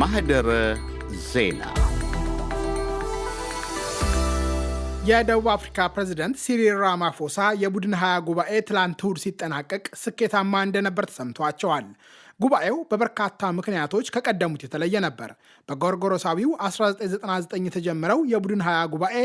ማህደረ ዜና የደቡብ አፍሪካ ፕሬዝደንት ሲሪል ራማፎሳ የቡድን ሀያ ጉባኤ ትላንት እሁድ ሲጠናቀቅ ስኬታማ እንደነበር ተሰምቷቸዋል። ጉባኤው በበርካታ ምክንያቶች ከቀደሙት የተለየ ነበር። በጎርጎሮሳዊው 1999 የተጀመረው የቡድን ሀያ ጉባኤ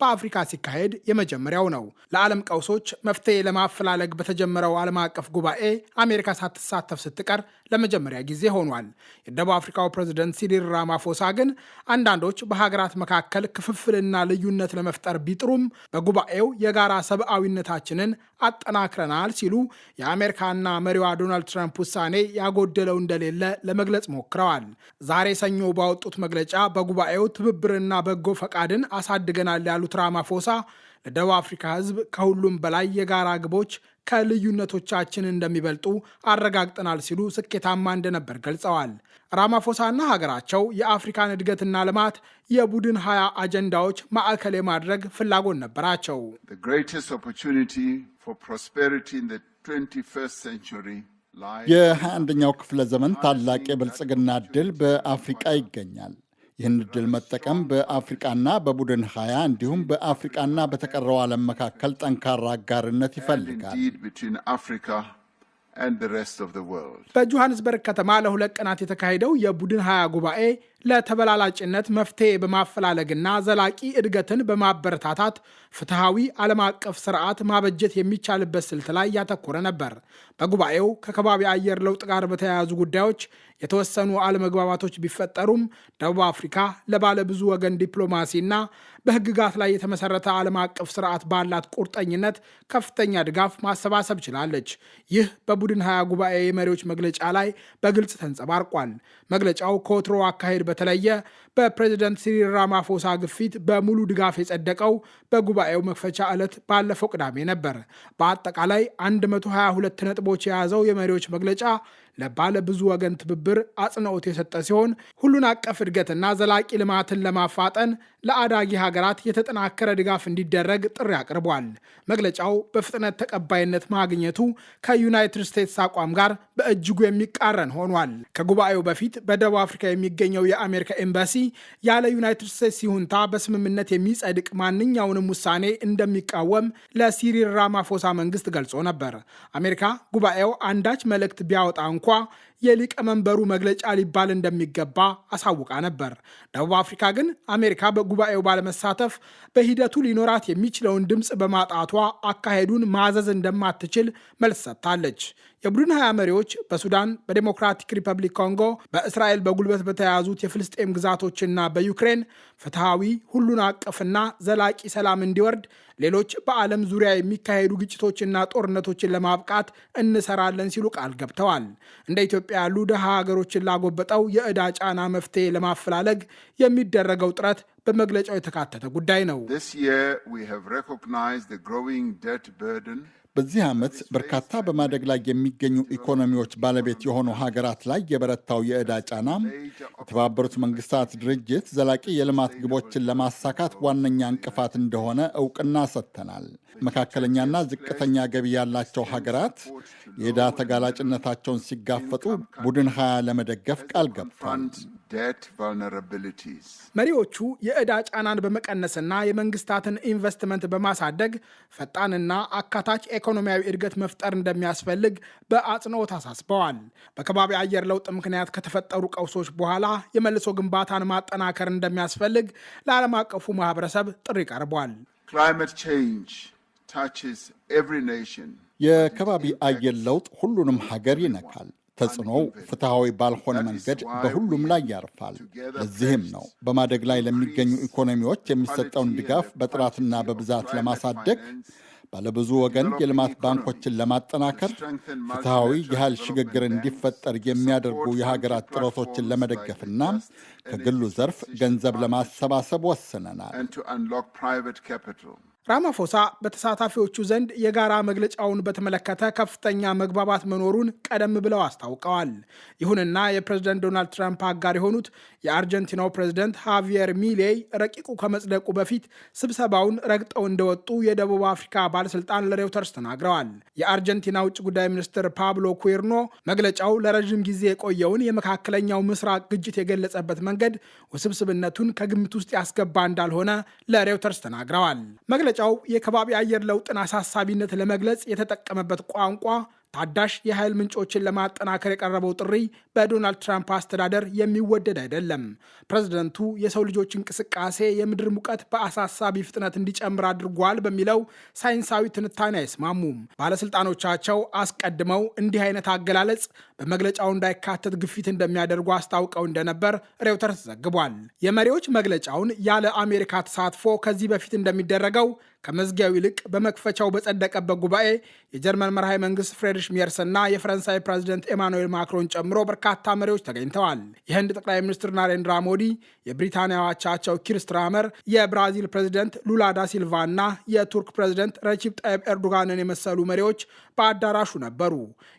በአፍሪካ ሲካሄድ የመጀመሪያው ነው። ለዓለም ቀውሶች መፍትሄ ለማፈላለግ በተጀመረው ዓለም አቀፍ ጉባኤ አሜሪካ ሳትሳተፍ ስትቀር ለመጀመሪያ ጊዜ ሆኗል። የደቡብ አፍሪካው ፕሬዝደንት ሲሪል ራማፎሳ ግን አንዳንዶች በሀገራት መካከል ክፍፍልና ልዩነት ለመፍጠር ቢጥሩም በጉባኤው የጋራ ሰብአዊነታችንን አጠናክረናል ሲሉ የአሜሪካና መሪዋ ዶናልድ ትራምፕ ውሳኔ ያጎደለው እንደሌለ ለመግለጽ ሞክረዋል። ዛሬ ሰኞ ባወጡት መግለጫ በጉባኤው ትብብርና በጎ ፈቃድን አሳድገናል ያሉ ያሉት ራማፎሳ ለደቡብ አፍሪካ ህዝብ ከሁሉም በላይ የጋራ ግቦች ከልዩነቶቻችን እንደሚበልጡ አረጋግጠናል ሲሉ ስኬታማ እንደነበር ገልጸዋል። ራማፎሳና ሀገራቸው የአፍሪካን እድገትና ልማት የቡድን ሀያ አጀንዳዎች ማዕከል የማድረግ ፍላጎት ነበራቸው። የ21ኛው ክፍለ ዘመን ታላቅ የብልጽግና ድል በአፍሪቃ ይገኛል። ይህን እድል መጠቀም በአፍሪቃና በቡድን ሀያ እንዲሁም በአፍሪቃና በተቀረው ዓለም መካከል ጠንካራ አጋርነት ይፈልጋል። በጆሃንስበርግ ከተማ ለሁለት ቀናት የተካሄደው የቡድን ሀያ ጉባኤ ለተበላላጭነት መፍትሄ በማፈላለግና ዘላቂ እድገትን በማበረታታት ፍትሐዊ ዓለም አቀፍ ስርዓት ማበጀት የሚቻልበት ስልት ላይ ያተኮረ ነበር። በጉባኤው ከከባቢ አየር ለውጥ ጋር በተያያዙ ጉዳዮች የተወሰኑ አለመግባባቶች ቢፈጠሩም ደቡብ አፍሪካ ለባለብዙ ወገን ዲፕሎማሲና በሕግጋት ላይ የተመሰረተ ዓለም አቀፍ ስርዓት ባላት ቁርጠኝነት ከፍተኛ ድጋፍ ማሰባሰብ ችላለች። ይህ በቡድን ሀያ ጉባኤ የመሪዎች መግለጫ ላይ በግልጽ ተንጸባርቋል። መግለጫው ከወትሮ አካሄድ በተለየ በፕሬዚደንት ሲሪል ራማፎሳ ግፊት በሙሉ ድጋፍ የጸደቀው በጉባኤው መክፈቻ ዕለት ባለፈው ቅዳሜ ነበር። በአጠቃላይ 122 ነጥቦች የያዘው የመሪዎች መግለጫ ለባለ ብዙ ወገን ትብብር አጽንኦት የሰጠ ሲሆን ሁሉን አቀፍ እድገትና ዘላቂ ልማትን ለማፋጠን ለአዳጊ ሀገራት የተጠናከረ ድጋፍ እንዲደረግ ጥሪ አቅርቧል። መግለጫው በፍጥነት ተቀባይነት ማግኘቱ ከዩናይትድ ስቴትስ አቋም ጋር በእጅጉ የሚቃረን ሆኗል። ከጉባኤው በፊት በደቡብ አፍሪካ የሚገኘው የአሜሪካ ኤምባሲ ያለ ዩናይትድ ስቴትስ ይሁንታ በስምምነት የሚጸድቅ ማንኛውንም ውሳኔ እንደሚቃወም ለሲሪል ራማፎሳ መንግስት ገልጾ ነበር። አሜሪካ ጉባኤው አንዳች መልእክት ቢያወጣ እንኳ የሊቀመንበሩ መግለጫ ሊባል እንደሚገባ አሳውቃ ነበር። ደቡብ አፍሪካ ግን አሜሪካ በጉባኤው ባለመሳተፍ በሂደቱ ሊኖራት የሚችለውን ድምፅ በማጣቷ አካሄዱን ማዘዝ እንደማትችል መልስ ሰጥታለች። የቡድን ሀያ መሪዎች በሱዳን፣ በዴሞክራቲክ ሪፐብሊክ ኮንጎ፣ በእስራኤል በጉልበት በተያያዙት የፍልስጤም ግዛቶችና በዩክሬን ፍትሐዊ፣ ሁሉን አቀፍና ዘላቂ ሰላም እንዲወርድ ሌሎች በዓለም ዙሪያ የሚካሄዱ ግጭቶችና ጦርነቶችን ለማብቃት እንሰራለን ሲሉ ቃል ገብተዋል። እንደ ኢትዮጵያ ኢትዮጵያ ያሉ ድሃ ሀገሮችን ላጎበጠው የዕዳ ጫና መፍትሄ ለማፈላለግ የሚደረገው ጥረት በመግለጫው የተካተተ ጉዳይ ነው። በዚህ ዓመት በርካታ በማደግ ላይ የሚገኙ ኢኮኖሚዎች ባለቤት የሆኑ ሀገራት ላይ የበረታው የዕዳ ጫና የተባበሩት መንግስታት ድርጅት ዘላቂ የልማት ግቦችን ለማሳካት ዋነኛ እንቅፋት እንደሆነ እውቅና ሰጥተናል። መካከለኛና ዝቅተኛ ገቢ ያላቸው ሀገራት የዕዳ ተጋላጭነታቸውን ሲጋፈጡ ቡድን ሀያ ለመደገፍ ቃል ገብቷል። መሪዎቹ የዕዳ ጫናን በመቀነስና የመንግስታትን ኢንቨስትመንት በማሳደግ ፈጣንና አካታች ኢኮኖሚያዊ እድገት መፍጠር እንደሚያስፈልግ በአጽንኦት አሳስበዋል። በከባቢ አየር ለውጥ ምክንያት ከተፈጠሩ ቀውሶች በኋላ የመልሶ ግንባታን ማጠናከር እንደሚያስፈልግ ለዓለም አቀፉ ማህበረሰብ ጥሪ ቀርቧል። የከባቢ አየር ለውጥ ሁሉንም ሀገር ይነካል። ተጽዕኖው ፍትሐዊ ባልሆነ መንገድ በሁሉም ላይ ያርፋል። ለዚህም ነው በማደግ ላይ ለሚገኙ ኢኮኖሚዎች የሚሰጠውን ድጋፍ በጥራትና በብዛት ለማሳደግ ባለብዙ ወገን የልማት ባንኮችን ለማጠናከር ፍትሐዊ የኃይል ሽግግር እንዲፈጠር የሚያደርጉ የሀገራት ጥረቶችን ለመደገፍና ከግሉ ዘርፍ ገንዘብ ለማሰባሰብ ወስነናል። ራማፎሳ በተሳታፊዎቹ ዘንድ የጋራ መግለጫውን በተመለከተ ከፍተኛ መግባባት መኖሩን ቀደም ብለው አስታውቀዋል። ይሁንና የፕሬዝደንት ዶናልድ ትራምፕ አጋር የሆኑት የአርጀንቲናው ፕሬዝደንት ሃቪየር ሚሌይ ረቂቁ ከመጽደቁ በፊት ስብሰባውን ረግጠው እንደወጡ የደቡብ አፍሪካ ባለስልጣን ለሬውተርስ ተናግረዋል። የአርጀንቲና ውጭ ጉዳይ ሚኒስትር ፓብሎ ኩርኖ መግለጫው ለረዥም ጊዜ የቆየውን የመካከለኛው ምስራቅ ግጭት የገለጸበት መንገድ ውስብስብነቱን ከግምት ውስጥ ያስገባ እንዳልሆነ ለሬውተርስ ተናግረዋል። መግለጫው የከባቢ አየር ለውጥን አሳሳቢነት ለመግለጽ የተጠቀመበት ቋንቋ ታዳሽ የኃይል ምንጮችን ለማጠናከር የቀረበው ጥሪ በዶናልድ ትራምፕ አስተዳደር የሚወደድ አይደለም። ፕሬዝደንቱ የሰው ልጆች እንቅስቃሴ የምድር ሙቀት በአሳሳቢ ፍጥነት እንዲጨምር አድርጓል በሚለው ሳይንሳዊ ትንታኔ አይስማሙም። ባለስልጣኖቻቸው አስቀድመው እንዲህ አይነት አገላለጽ በመግለጫው እንዳይካተት ግፊት እንደሚያደርጉ አስታውቀው እንደነበር ሬውተርስ ዘግቧል። የመሪዎች መግለጫውን ያለ አሜሪካ ተሳትፎ ከዚህ በፊት እንደሚደረገው ከመዝጊያው ይልቅ በመክፈቻው በጸደቀበት ጉባኤ የጀርመን መርሃዊ መንግስት ፍሬድሪሽ ሜርስ እና የፈረንሳይ ፕሬዚደንት ኤማኑኤል ማክሮን ጨምሮ በርካታ መሪዎች ተገኝተዋል። የህንድ ጠቅላይ ሚኒስትር ናሬንድራ ሞዲ፣ የብሪታንያ አቻቸው ኪር ስታርመር፣ የብራዚል ፕሬዚደንት ሉላ ዳ ሲልቫ እና የቱርክ ፕሬዚደንት ረጂብ ጣይብ ኤርዶጋንን የመሰሉ መሪዎች በአዳራሹ ነበሩ።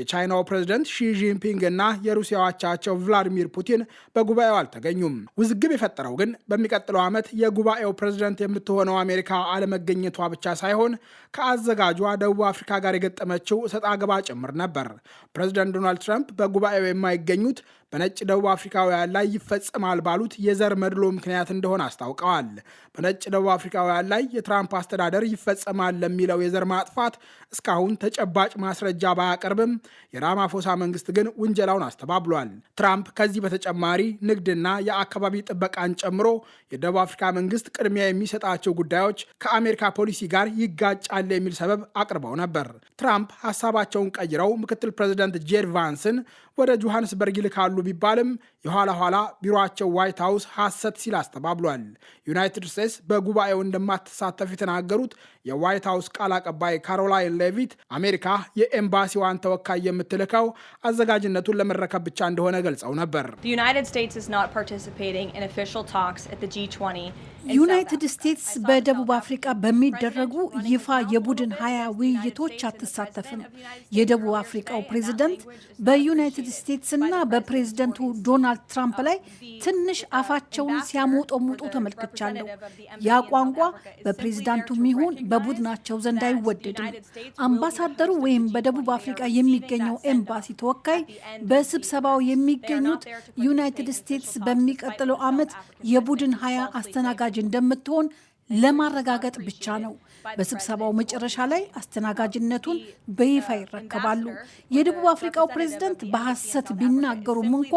የቻይናው ፕሬዚደንት ሺጂንፒንግ እና የሩሲያው አቻቸው ቭላዲሚር ፑቲን በጉባኤው አልተገኙም። ውዝግብ የፈጠረው ግን በሚቀጥለው ዓመት የጉባኤው ፕሬዚደንት የምትሆነው አሜሪካ አለመገኘ መገኘቷ ብቻ ሳይሆን ከአዘጋጇ ደቡብ አፍሪካ ጋር የገጠመችው እሰጥ አገባ ጭምር ነበር። ፕሬዚደንት ዶናልድ ትራምፕ በጉባኤው የማይገኙት በነጭ ደቡብ አፍሪካውያን ላይ ይፈጸማል ባሉት የዘር መድሎ ምክንያት እንደሆነ አስታውቀዋል። በነጭ ደቡብ አፍሪካውያን ላይ የትራምፕ አስተዳደር ይፈጸማል ለሚለው የዘር ማጥፋት እስካሁን ተጨባጭ ማስረጃ ባያቀርብም የራማፎሳ መንግስት ግን ውንጀላውን አስተባብሏል። ትራምፕ ከዚህ በተጨማሪ ንግድና የአካባቢ ጥበቃን ጨምሮ የደቡብ አፍሪካ መንግስት ቅድሚያ የሚሰጣቸው ጉዳዮች ከአሜሪካ ፖሊሲ ጋር ይጋጫል የሚል ሰበብ አቅርበው ነበር። ትራምፕ ሀሳባቸውን ቀይረው ምክትል ፕሬዚደንት ጄድ ቫንስን ወደ ጆሃንስበርግ ይልካሉ ቢባልም የኋላ ኋላ ቢሮቸው ዋይት ሀውስ ሐሰት ሲል አስተባብሏል። ዩናይትድ ስቴትስ በጉባኤው እንደማትሳተፍ የተናገሩት የዋይት ሀውስ ቃል አቀባይ ካሮላይን ሌቪት አሜሪካ የኤምባሲዋን ተወካይ የምትልከው አዘጋጅነቱን ለመረከብ ብቻ እንደሆነ ገልጸው ነበር። ዩናይትድ ስቴትስ በደቡብ አፍሪካ በሚደረጉ ይፋ የቡድን ሀያ ውይይቶች አትሳተፍም። የደቡብ አፍሪካው ፕሬዝደንት በዩናይትድ ስቴትስ እና በፕሬዝደንቱ ዶናልድ ትራምፕ ላይ ትንሽ አፋቸውን ሲያሞጠሙጡ ተመልክቻለሁ። ያ ቋንቋ በፕሬዝዳንቱ ይሁን በቡድናቸው ዘንድ አይወደድም። አምባሳደሩ ወይም በደቡብ አፍሪካ የሚገኘው ኤምባሲ ተወካይ በስብሰባው የሚገኙት ዩናይትድ ስቴትስ በሚቀጥለው ዓመት የቡድን ሀያ አስተናጋጅ አስተናጋጅ እንደምትሆን ለማረጋገጥ ብቻ ነው። በስብሰባው መጨረሻ ላይ አስተናጋጅነቱን በይፋ ይረከባሉ። የደቡብ አፍሪካው ፕሬዝደንት በሐሰት ቢናገሩም እንኳ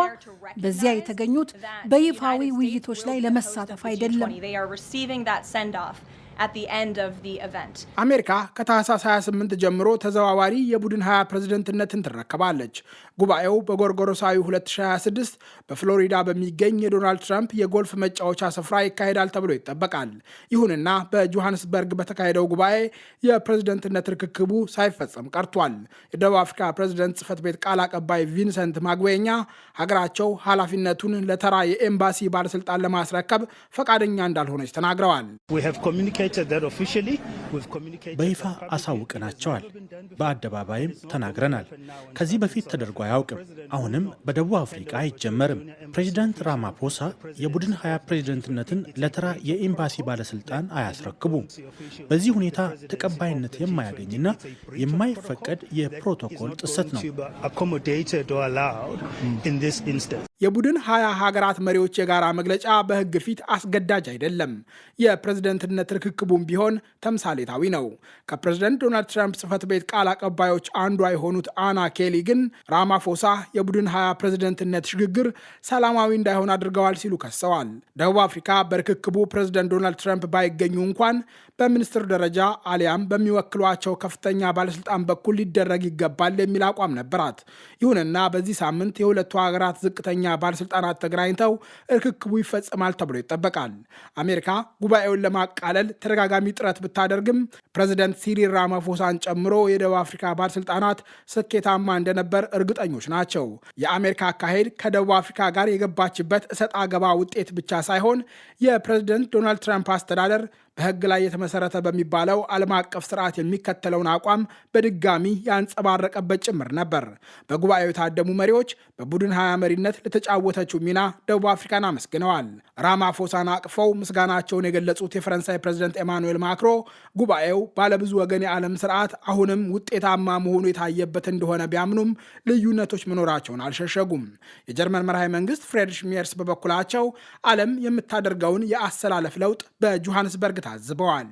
በዚያ የተገኙት በይፋዊ ውይይቶች ላይ ለመሳተፍ አይደለም። አሜሪካ ከታህሳስ 28 ጀምሮ ተዘዋዋሪ የቡድን 20 ፕሬዝደንትነትን ትረከባለች። ጉባኤው በጎርጎሮሳዊ 2026 በፍሎሪዳ በሚገኝ የዶናልድ ትራምፕ የጎልፍ መጫወቻ ስፍራ ይካሄዳል ተብሎ ይጠበቃል። ይሁንና በጆሃንስበርግ በተካሄደው ጉባኤ የፕሬዝደንትነት ርክክቡ ሳይፈጸም ቀርቷል። የደቡብ አፍሪካ ፕሬዝደንት ጽህፈት ቤት ቃል አቀባይ ቪንሰንት ማግበኛ ሀገራቸው ኃላፊነቱን ለተራ የኤምባሲ ባለስልጣን ለማስረከብ ፈቃደኛ እንዳልሆነች ተናግረዋል። በይፋ አሳውቀናቸዋል። በአደባባይም ተናግረናል። ከዚህ በፊት ተደርጎ አያውቅም። አሁንም በደቡብ አፍሪቃ አይጀመርም። ፕሬዚዳንት ራማፖሳ የቡድን ሀያ ፕሬዚደንትነትን ለተራ የኤምባሲ ባለስልጣን አያስረክቡም። በዚህ ሁኔታ ተቀባይነት የማያገኝና የማይፈቀድ የፕሮቶኮል ጥሰት ነው። የቡድን ሀያ ሀገራት መሪዎች የጋራ መግለጫ በሕግ ፊት አስገዳጅ አይደለም። የፕሬዝደንትነት ርክክቡም ቢሆን ተምሳሌታዊ ነው። ከፕሬዝደንት ዶናልድ ትራምፕ ጽህፈት ቤት ቃል አቀባዮች አንዷ የሆኑት አና ኬሊ ግን ራማፎሳ የቡድን ሀያ ፕሬዝደንትነት ሽግግር ሰላማዊ እንዳይሆን አድርገዋል ሲሉ ከሰዋል። ደቡብ አፍሪካ በርክክቡ ፕሬዝደንት ዶናልድ ትራምፕ ባይገኙ እንኳን በሚኒስትር ደረጃ አሊያም በሚወክሏቸው ከፍተኛ ባለስልጣን በኩል ሊደረግ ይገባል የሚል አቋም ነበራት። ይሁንና በዚህ ሳምንት የሁለቱ ሀገራት ዝቅተኛ ከፍተኛ ባለስልጣናት ተገናኝተው እርክክቡ ይፈጽማል ተብሎ ይጠበቃል። አሜሪካ ጉባኤውን ለማቃለል ተደጋጋሚ ጥረት ብታደርግም ፕሬዚደንት ሲሪል ራማፎሳን ጨምሮ የደቡብ አፍሪካ ባለስልጣናት ስኬታማ እንደነበር እርግጠኞች ናቸው። የአሜሪካ አካሄድ ከደቡብ አፍሪካ ጋር የገባችበት እሰጥ አገባ ውጤት ብቻ ሳይሆን የፕሬዚደንት ዶናልድ ትራምፕ አስተዳደር በህግ ላይ የተመሰረተ በሚባለው ዓለም አቀፍ ስርዓት የሚከተለውን አቋም በድጋሚ ያንጸባረቀበት ጭምር ነበር። በጉባኤው የታደሙ መሪዎች በቡድን ሀያ መሪነት ለተጫወተችው ሚና ደቡብ አፍሪካን አመስግነዋል። ራማፎሳን አቅፈው ምስጋናቸውን የገለጹት የፈረንሳይ ፕሬዚደንት ኤማኑኤል ማክሮ ጉባኤው ባለብዙ ወገን የዓለም ስርዓት አሁንም ውጤታማ መሆኑ የታየበት እንደሆነ ቢያምኑም ልዩነቶች መኖራቸውን አልሸሸጉም። የጀርመን መርሃዊ መንግስት ፍሬድሪሽ ሜርስ በበኩላቸው ዓለም የምታደርገውን የአሰላለፍ ለውጥ በጆሃንስበርግ ታዝበዋል።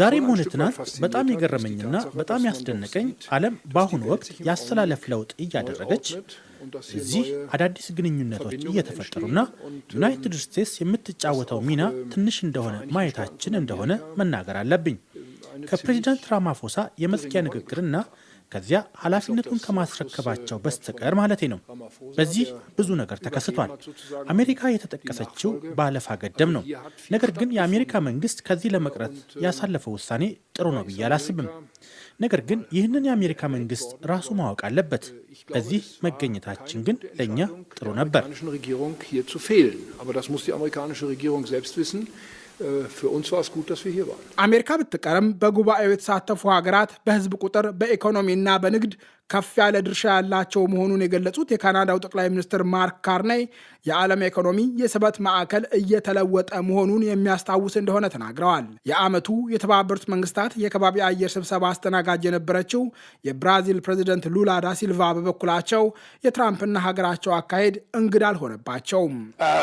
ዛሬም ሆነ ትናንት በጣም የገረመኝና በጣም ያስደነቀኝ ዓለም በአሁኑ ወቅት የአስተላለፍ ለውጥ እያደረገች እዚህ አዳዲስ ግንኙነቶች እየተፈጠሩና ähm, ዩናይትድ ስቴትስ የምትጫወተው ሚና ähm, ትንሽ እንደሆነ ማየታችን እንደሆነ መናገር አለብኝ። ähm, ከፕሬዚዳንት ራማፎሳ የመዝጊያ ንግግርና ከዚያ ኃላፊነቱን ከማስረከባቸው በስተቀር ማለቴ ነው። በዚህ ብዙ ነገር ተከስቷል። አሜሪካ የተጠቀሰችው ባለፋ ገደም ነው። ነገር ግን የአሜሪካ መንግስት ከዚህ ለመቅረት ያሳለፈው ውሳኔ ጥሩ ነው ብዬ አላስብም። ነገር ግን ይህንን የአሜሪካ መንግስት ራሱ ማወቅ አለበት። በዚህ መገኘታችን ግን ለእኛ ጥሩ ነበር። für uns war es gut, dass wir hier waren። አሜሪካ ብትቀርም በጉባኤው የተሳተፉ ሀገራት በህዝብ ቁጥር በኢኮኖሚና በንግድ ከፍ ያለ ድርሻ ያላቸው መሆኑን የገለጹት የካናዳው ጠቅላይ ሚኒስትር ማርክ ካርኔይ የዓለም ኢኮኖሚ የስበት ማዕከል እየተለወጠ መሆኑን የሚያስታውስ እንደሆነ ተናግረዋል። የዓመቱ የተባበሩት መንግስታት የከባቢ አየር ስብሰባ አስተናጋጅ የነበረችው የብራዚል ፕሬዚደንት ሉላ ዳሲልቫ በበኩላቸው የትራምፕና ሀገራቸው አካሄድ እንግዳ አልሆነባቸውም። ah,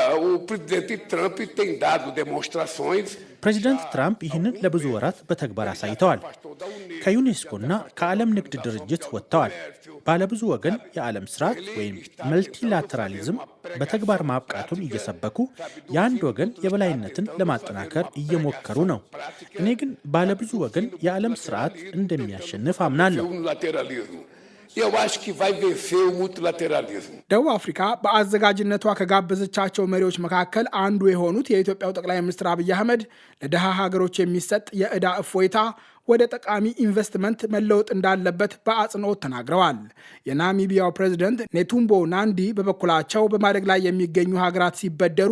ፕሬዚዳንት ትራምፕ ይህንን ለብዙ ወራት በተግባር አሳይተዋል። ከዩኔስኮና ከዓለም ንግድ ድርጅት ወጥተዋል። ባለብዙ ወገን የዓለም ስርዓት ወይም መልቲላተራሊዝም በተግባር ማብቃቱን እየሰበኩ የአንድ ወገን የበላይነትን ለማጠናከር እየሞከሩ ነው። እኔ ግን ባለብዙ ወገን የዓለም ስርዓት እንደሚያሸንፍ አምናለሁ። eu acho que vai vencer o multilateralismo። ደቡብ አፍሪካ በአዘጋጅነቷ ከጋበዘቻቸው መሪዎች መካከል አንዱ የሆኑት የኢትዮጵያው ጠቅላይ ሚኒስትር አብይ አህመድ ለድሃ ሀገሮች የሚሰጥ የዕዳ እፎይታ ወደ ጠቃሚ ኢንቨስትመንት መለወጥ እንዳለበት በአጽንኦት ተናግረዋል። የናሚቢያው ፕሬዚደንት ኔቱምቦ ናንዲ በበኩላቸው በማደግ ላይ የሚገኙ ሀገራት ሲበደሩ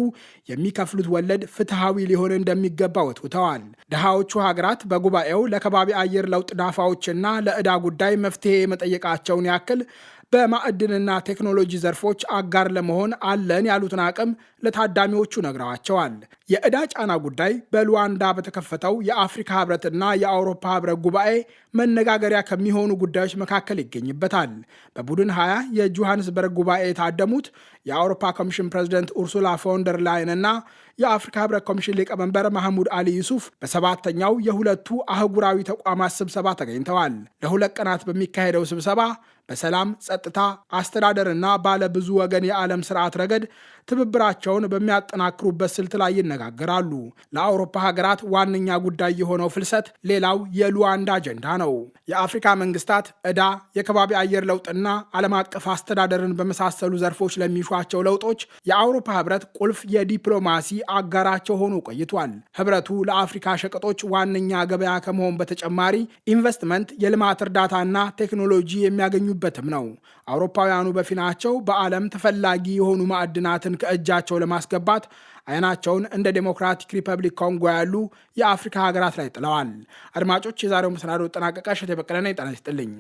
የሚከፍሉት ወለድ ፍትሐዊ ሊሆን እንደሚገባ ወትውተዋል። ድሃዎቹ ሀገራት በጉባኤው ለከባቢ አየር ለውጥ ዳፋዎችና ለዕዳ ጉዳይ መፍትሄ መጠየቃቸውን ያክል በማዕድንና ቴክኖሎጂ ዘርፎች አጋር ለመሆን አለን ያሉትን አቅም ለታዳሚዎቹ ነግረዋቸዋል። የዕዳ ጫና ጉዳይ በሉዋንዳ በተከፈተው የአፍሪካ ህብረትና የአውሮፓ ህብረት ጉባኤ መነጋገሪያ ከሚሆኑ ጉዳዮች መካከል ይገኝበታል። በቡድን 20 የጆሃንስበርግ ጉባኤ የታደሙት የአውሮፓ ኮሚሽን ፕሬዚደንት ኡርሱላ ፎንደር ላይን እና የአፍሪካ ህብረት ኮሚሽን ሊቀመንበር መሐሙድ አሊ ዩሱፍ በሰባተኛው የሁለቱ አህጉራዊ ተቋማት ስብሰባ ተገኝተዋል። ለሁለት ቀናት በሚካሄደው ስብሰባ በሰላም ጸጥታ፣ አስተዳደርና ባለ ብዙ ወገን የዓለም ስርዓት ረገድ ትብብራቸውን በሚያጠናክሩበት ስልት ላይ ይነጋገራሉ። ለአውሮፓ ሀገራት ዋነኛ ጉዳይ የሆነው ፍልሰት ሌላው የሉዋንዳ አጀንዳ ነው። የአፍሪካ መንግስታት ዕዳ፣ የከባቢ አየር ለውጥና ዓለም አቀፍ አስተዳደርን በመሳሰሉ ዘርፎች ለሚሿቸው ለውጦች የአውሮፓ ህብረት ቁልፍ የዲፕሎማሲ አጋራቸው ሆኖ ቆይቷል። ህብረቱ ለአፍሪካ ሸቀጦች ዋነኛ ገበያ ከመሆን በተጨማሪ ኢንቨስትመንት፣ የልማት እርዳታና ቴክኖሎጂ የሚያገኙበትም ነው። አውሮፓውያኑ በፊናቸው በዓለም ተፈላጊ የሆኑ ማዕድናትን ከእጃቸው ለማስገባት አይናቸውን እንደ ዴሞክራቲክ ሪፐብሊክ ኮንጎ ያሉ የአፍሪካ ሀገራት ላይ ጥለዋል። አድማጮች፣ የዛሬው መሰናዶ ጠናቀቀ። እሸቴ በቀለ ነኝ። ጤና ይስጥልኝ።